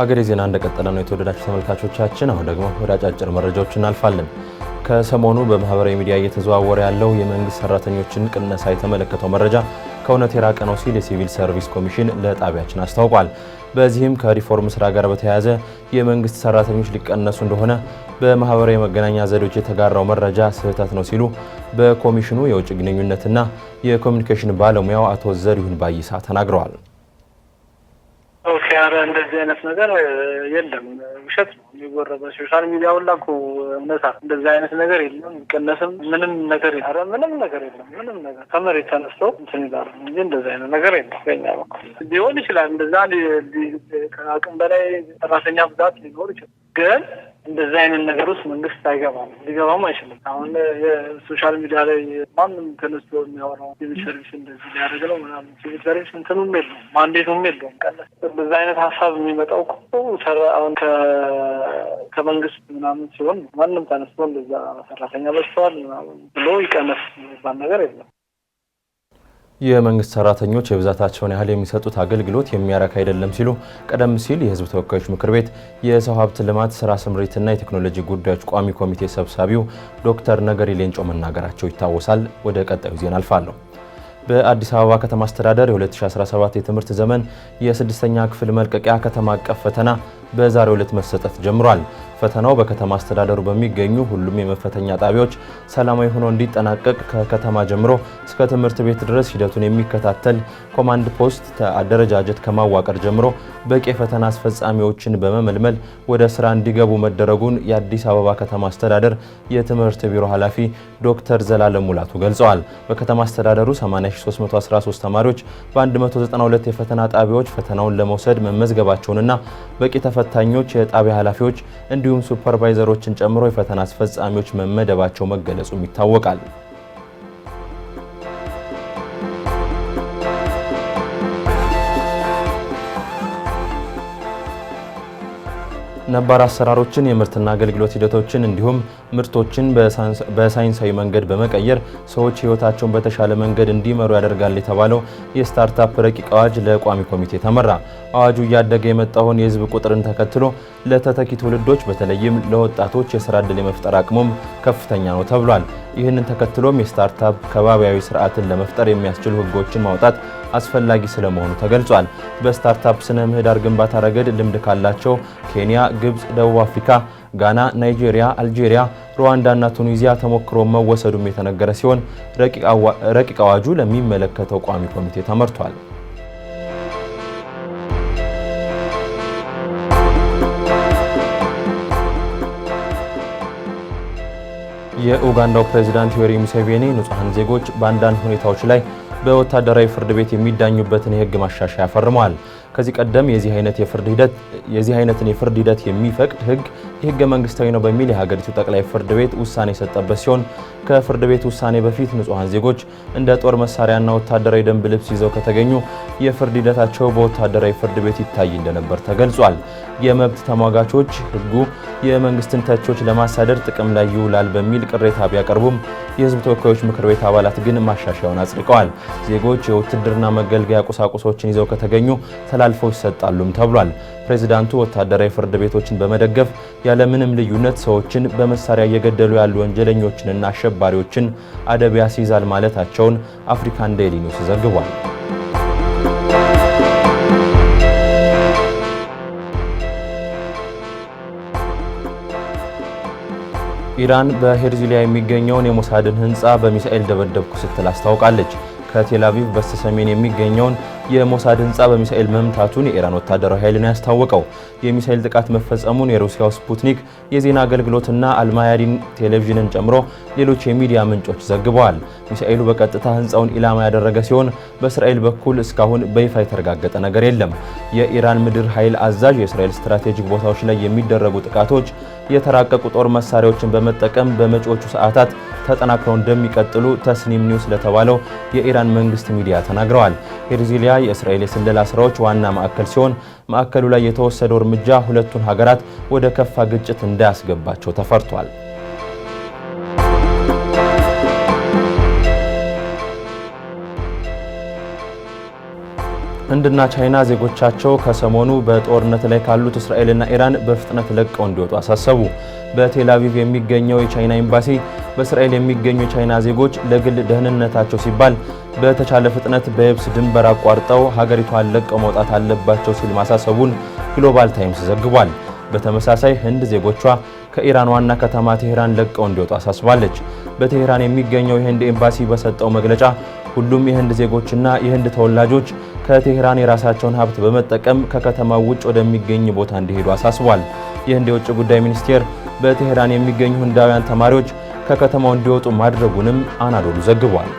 ሀገሬ ዜና እንደቀጠለ ነው። የተወደዳችሁ ተመልካቾቻችን፣ አሁን ደግሞ ወደ አጫጭር መረጃዎች እናልፋለን። ከሰሞኑ በማህበራዊ ሚዲያ እየተዘዋወረ ያለው የመንግስት ሰራተኞችን ቅነሳ የተመለከተው መረጃ ከእውነት የራቀ ነው ሲል የሲቪል ሰርቪስ ኮሚሽን ለጣቢያችን አስታውቋል። በዚህም ከሪፎርም ስራ ጋር በተያያዘ የመንግስት ሰራተኞች ሊቀነሱ እንደሆነ በማህበራዊ መገናኛ ዘዴዎች የተጋራው መረጃ ስህተት ነው ሲሉ በኮሚሽኑ የውጭ ግንኙነትና የኮሚኒኬሽን ባለሙያው አቶ ዘሪሁን ባይሳ ተናግረዋል። ኧረ እንደዚህ አይነት ነገር የለም፣ ውሸት ነው የሚወረበ ሶሻል ሚዲያ ሁላ እኮ እውነታ እንደዚህ አይነት ነገር የለም። ይቀነስም ምንም ነገር ኧረ ምንም ነገር የለም። ምንም ነገር ከመሬት ተነስተው እንትን ይላሉ እንጂ እንደዚህ አይነት ነገር የለም። በኛ በኩል ሊሆን ይችላል እንደዛ ከአቅም በላይ ሰራተኛ ብዛት ሊኖር ይችላል ግን እንደዚህ አይነት ነገር ውስጥ መንግስት አይገባም፣ ሊገባም አይችልም። አሁን የሶሻል ሚዲያ ላይ ማንም ተነስቶ የሚያወራው ሲቪል ሰርቪስ እንደዚህ ሊያደርግ ነው ምናምን ሲቪል ሰርቪስ እንትኑም የለውም ማንዴቱም የለውም። ቀለ በዛ አይነት ሀሳብ የሚመጣው አሁን ከመንግስት ምናምን ሲሆን ማንም ተነስቶ እንደዛ ሰራተኛ በስተዋል ምናምን ብሎ ይቀነስ የሚባል ነገር የለም። የመንግስት ሰራተኞች የብዛታቸውን ያህል የሚሰጡት አገልግሎት የሚያረካ አይደለም ሲሉ ቀደም ሲል የህዝብ ተወካዮች ምክር ቤት የሰው ሀብት ልማት ስራ ስምሪትና የቴክኖሎጂ ጉዳዮች ቋሚ ኮሚቴ ሰብሳቢው ዶክተር ነገሪ ሌንጮ መናገራቸው ይታወሳል። ወደ ቀጣዩ ዜና አልፋለሁ። በአዲስ አበባ ከተማ አስተዳደር የ2017 የትምህርት ዘመን የስድስተኛ ክፍል መልቀቂያ ከተማ አቀፍ ፈተና በዛሬው ዕለት መሰጠት ጀምሯል። ፈተናው በከተማ አስተዳደሩ በሚገኙ ሁሉም የመፈተኛ ጣቢያዎች ሰላማዊ ሆኖ እንዲጠናቀቅ ከከተማ ጀምሮ እስከ ትምህርት ቤት ድረስ ሂደቱን የሚከታተል ኮማንድ ፖስት አደረጃጀት ከማዋቀር ጀምሮ በቂ የፈተና አስፈጻሚዎችን በመመልመል ወደ ስራ እንዲገቡ መደረጉን የአዲስ አበባ ከተማ አስተዳደር የትምህርት ቢሮ ኃላፊ ዶክተር ዘላለም ሙላቱ ገልጸዋል። በከተማ አስተዳደሩ 8313 ተማሪዎች በ192 የፈተና ጣቢያዎች ፈተናውን ለመውሰድ መመዝገባቸውንና በቂ ፈታኞች፣ የጣቢያ ኃላፊዎች እንዲሁም ሱፐርቫይዘሮችን ጨምሮ የፈተና አስፈጻሚዎች መመደባቸው መገለጹም ይታወቃል። ነባር አሰራሮችን የምርትና አገልግሎት ሂደቶችን እንዲሁም ምርቶችን በሳይንሳዊ መንገድ በመቀየር ሰዎች ህይወታቸውን በተሻለ መንገድ እንዲመሩ ያደርጋል የተባለው የስታርታፕ ረቂቅ አዋጅ ለቋሚ ኮሚቴ ተመራ። አዋጁ እያደገ የመጣውን የህዝብ ቁጥርን ተከትሎ ለተተኪ ትውልዶች በተለይም ለወጣቶች የስራ ዕድል የመፍጠር አቅሙም ከፍተኛ ነው ተብሏል። ይህንን ተከትሎም የስታርታፕ ከባቢያዊ ስርዓትን ለመፍጠር የሚያስችሉ ሕጎችን ማውጣት አስፈላጊ ስለመሆኑ ተገልጿል። በስታርታፕ ስነ ምህዳር ግንባታ ረገድ ልምድ ካላቸው ኬንያ፣ ግብፅ፣ ደቡብ አፍሪካ ጋና፣ ናይጄሪያ፣ አልጄሪያ፣ እና ቱኒዚያ ተሞክሮ መወሰዱም የተነገረ ሲሆን ረቂቅ አዋጁ ለሚመለከተው ቋሚ ኮሚቴ ተመርቷል። የኡጋንዳው ፕሬዚዳንት ዮዌሪ ሙሴቬኒ ንጹሐን ዜጎች በአንዳንድ ሁኔታዎች ላይ በወታደራዊ ፍርድ ቤት የሚዳኙበትን የህግ ማሻሻያ ፈርመዋል። ከዚህ ቀደም የዚህ አይነትን የፍርድ ሂደት የሚፈቅድ ህግ የህገ መንግስታዊ ነው በሚል የሀገሪቱ ጠቅላይ ፍርድ ቤት ውሳኔ የሰጠበት ሲሆን ከፍርድ ቤት ውሳኔ በፊት ንጹሐን ዜጎች እንደ ጦር መሳሪያና ወታደራዊ ደንብ ልብስ ይዘው ከተገኙ የፍርድ ሂደታቸው በወታደራዊ ፍርድ ቤት ይታይ እንደነበር ተገልጿል። የመብት ተሟጋቾች ህጉ የመንግስትን ተቾች ለማሳደድ ጥቅም ላይ ይውላል በሚል ቅሬታ ቢያቀርቡም የህዝብ ተወካዮች ምክር ቤት አባላት ግን ማሻሻያውን አጽድቀዋል። ዜጎች የውትድርና መገልገያ ቁሳቁሶችን ይዘው ከተገኙ ተላልፈው ይሰጣሉም ተብሏል። ፕሬዚዳንቱ ወታደራዊ ፍርድ ቤቶችን በመደገፍ ያለምንም ልዩነት ሰዎችን በመሳሪያ እየገደሉ ያሉ ወንጀለኞችንና አሸባሪዎችን አደብ ያስይዛል ማለታቸውን አፍሪካን ዴይሊ ኒውስ ዘግቧል። ኢራን በሄርዚሊያ የሚገኘውን የሞሳድን ህንፃ በሚሳኤል ደበደብኩ ስትል አስታውቃለች። ከቴል አቪቭ በስተሰሜን የሚገኘውን የሞሳድ ህንፃ በሚሳኤል መምታቱን የኢራን ወታደራዊ ኃይል ነው ያስታወቀው። የሚሳኤል ጥቃት መፈጸሙን የሩሲያው ስፑትኒክ የዜና አገልግሎትና አልማያዲን ቴሌቪዥንን ጨምሮ ሌሎች የሚዲያ ምንጮች ዘግበዋል። ሚሳኤሉ በቀጥታ ህንፃውን ኢላማ ያደረገ ሲሆን በእስራኤል በኩል እስካሁን በይፋ የተረጋገጠ ነገር የለም። የኢራን ምድር ኃይል አዛዥ የእስራኤል ስትራቴጂክ ቦታዎች ላይ የሚደረጉ ጥቃቶች የተራቀቁ ጦር መሳሪያዎችን በመጠቀም በመጪዎቹ ሰዓታት ተጠናክረው እንደሚቀጥሉ ተስኒም ኒውስ ለተባለው የኢራን መንግስት ሚዲያ ተናግረዋል። ሄርዚሊያ የእስራኤል የስለላ ስራዎች ዋና ማዕከል ሲሆን ማዕከሉ ላይ የተወሰደው እርምጃ ሁለቱን ሀገራት ወደ ከፋ ግጭት እንዳያስገባቸው ተፈርቷል። ህንድና ቻይና ዜጎቻቸው ከሰሞኑ በጦርነት ላይ ካሉት እስራኤልና ኢራን በፍጥነት ለቀው እንዲወጡ አሳሰቡ። በቴል አቪቭ የሚገኘው የቻይና ኤምባሲ በእስራኤል የሚገኙ የቻይና ዜጎች ለግል ደህንነታቸው ሲባል በተቻለ ፍጥነት በየብስ ድንበር አቋርጠው ሀገሪቷን ለቀው መውጣት አለባቸው ሲል ማሳሰቡን ግሎባል ታይምስ ዘግቧል። በተመሳሳይ ህንድ ዜጎቿ ከኢራን ዋና ከተማ ቴሄራን ለቀው እንዲወጡ አሳስባለች። በቴሄራን የሚገኘው የህንድ ኤምባሲ በሰጠው መግለጫ ሁሉም የህንድ ዜጎችና የህንድ ተወላጆች ከቴሄራን የራሳቸውን ሀብት በመጠቀም ከከተማው ውጭ ወደሚገኝ ቦታ እንዲሄዱ አሳስቧል። የህንድ የውጭ ጉዳይ ሚኒስቴር በቴሄራን የሚገኙ ህንዳውያን ተማሪዎች ከከተማው እንዲወጡ ማድረጉንም አናዶሉ ዘግቧል።